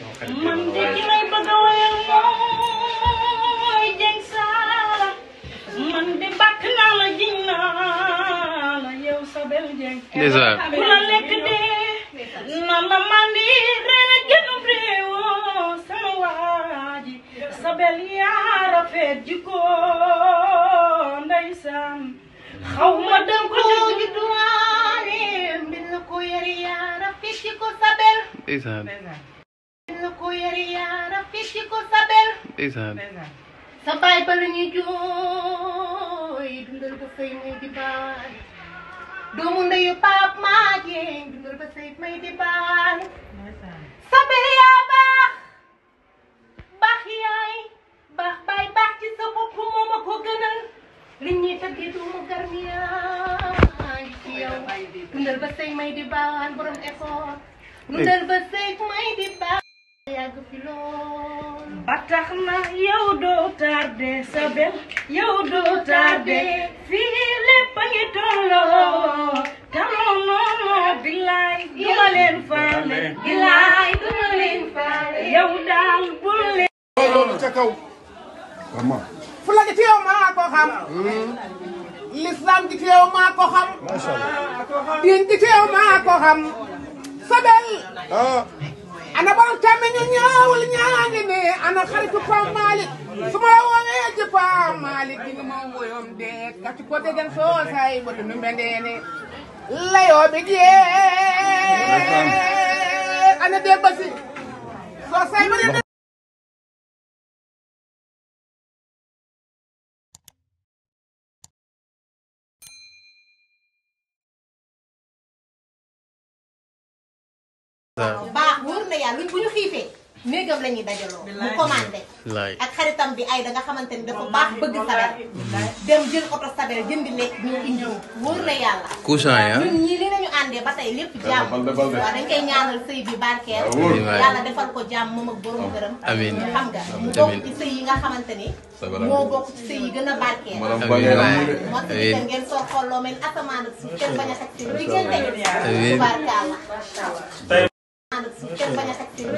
man de ki may bëgg a wayal mooy Dieng Saala man de bàkk naa la jiñ naa la yow sa bel Dieng. ndeysaan ku la lekk dee na la mandi ren ak genn réewoo sama waa ji sa bel yaa rafet jikko ndeysaan xaw ma dënkoo ji duwaane mbil ko yëri yaa rafet jikko sa bel. ndeysaan. na ko yar yaaram fecci ko sabel ndeysaan jooy dundal ba sëy may di baan doomu ndeyu paap maa dundal ba sëy may di baan sabel yaa baax baax yaay baax baax ci sa bopp moom a ko gënal li ñuy taggee doomu garmiyaan ci yow dundal ba sëy may di baan borom effort dundal ba sëy may di baan yàgg fi doo tardé sa bel doo tardé fii lépp a ngi tolloo tamoo noonu ma leen faale bilaay du ma leen faale yow daal bul leen ca kaw gi teew maa ko xam hmm. lislam gi teew maa ko xam diin gi teew maa ko xam sa ana borom tammi ñu ñaawul ñaangi ne ana xaritu Pape Malick su ma la woowee ci Pape Malick di nga ma woyoom de kati côté den soo say ba dundu mbendeene layoo bi jeex ana dee basi soo say ba dundu ba sant yàlla bu ñu xiifee néegam la dajaloo mu commandé ak xaritam bi ay da nga dafa baax bëgg sabar dem jël oto sabar jëndi lekk ñu indi wóor na yàlla cousin ah. li nañu àndee ba tey lépp jàmm waaw dañ ñaanal sëy bi barkeel yàlla defal ko jàmm moom ak borom gërëm amiin xam nga mu bokk ci sëy yi nga xamante moo bokk ci sëy yi gën a barkeel moo tax ngeen soo xool loo mel asamaan ak suuf kenn bañ a xaj seen diggante barkaala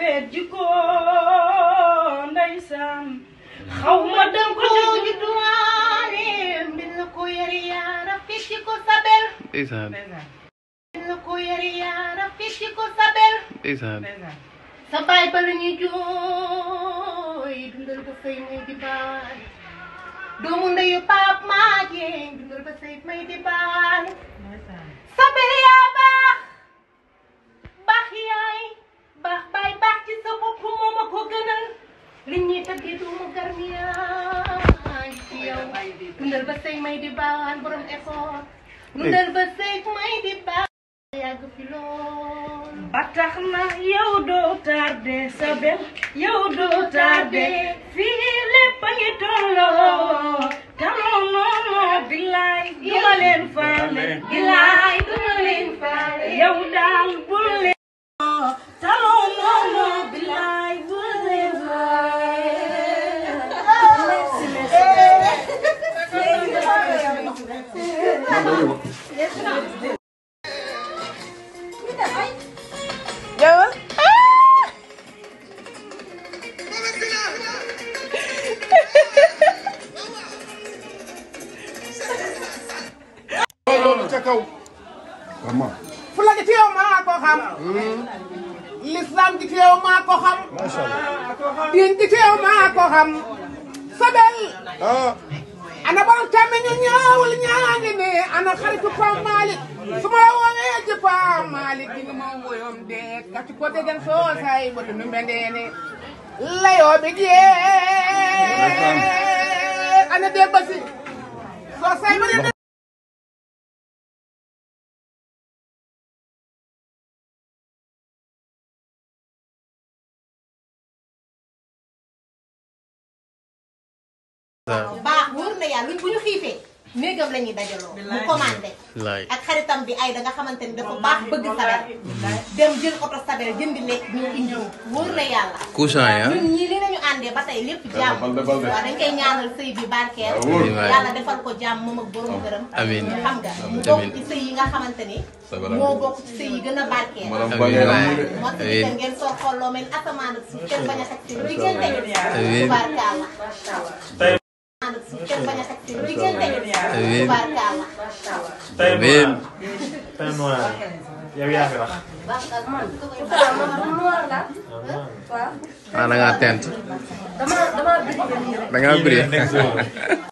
rafet jikko ndeysaan xaw ma dem ko jooju duwaane mbil ko yari yaa rafet jikko sabel ndeysaan mbil sabel ndeysaan sa baay ba la ñuy may di baal doomu ndeyu paap maa jeeñ dundal ko say may di baal sabel yaa dundal ba sëy may di baawaan borom effort. dundal eh. ba sëy may di baawaan yàgg fi lool. ba tax na yow doo tardé sa bel yow doo tardé fii lépp a ngi tolloo. te noonu bilaay. du ma leen faale bilaay. ñëwal. Ah. loolu ca kaw. vraiment. fula gi ci yow maa ko xam. Hmm. lislam gi ci yow maa ko xam. macha allah diin gi ci yow maa ko xam. Sobel. Ah. ana borom càmmiñu ñaawul ñaa ngi ne ana xaritu Pape Malick su ma la woowee ci Pape Malick di nga ma woyoom deet ka ci ko déggan soo say ba nu mbendeene layoo bi jeex ana dee basi soo say ba na ñu xiifee néegam la dajaloo mu commandé ak xaritam bi ay da nga dafa baax bëgg sabar dem jël oto sabar jëndi lekk ñu indi wóor na yàlla couchant ah. li nañu àndee ba tey lépp jàmm waaw dañ ñaanal sëy bi barkeel yàlla defal ko jàmm moom ak borom këram amiin xam nga mu bokk ci sëy yi nga xamante moo bokk ci sëy yi gën a barkeel moo tax ngeen soo xolloo mel asamaan ak suuf kenn bañ a xaj seen diggante barkaala amiin teint noir yow yaa fi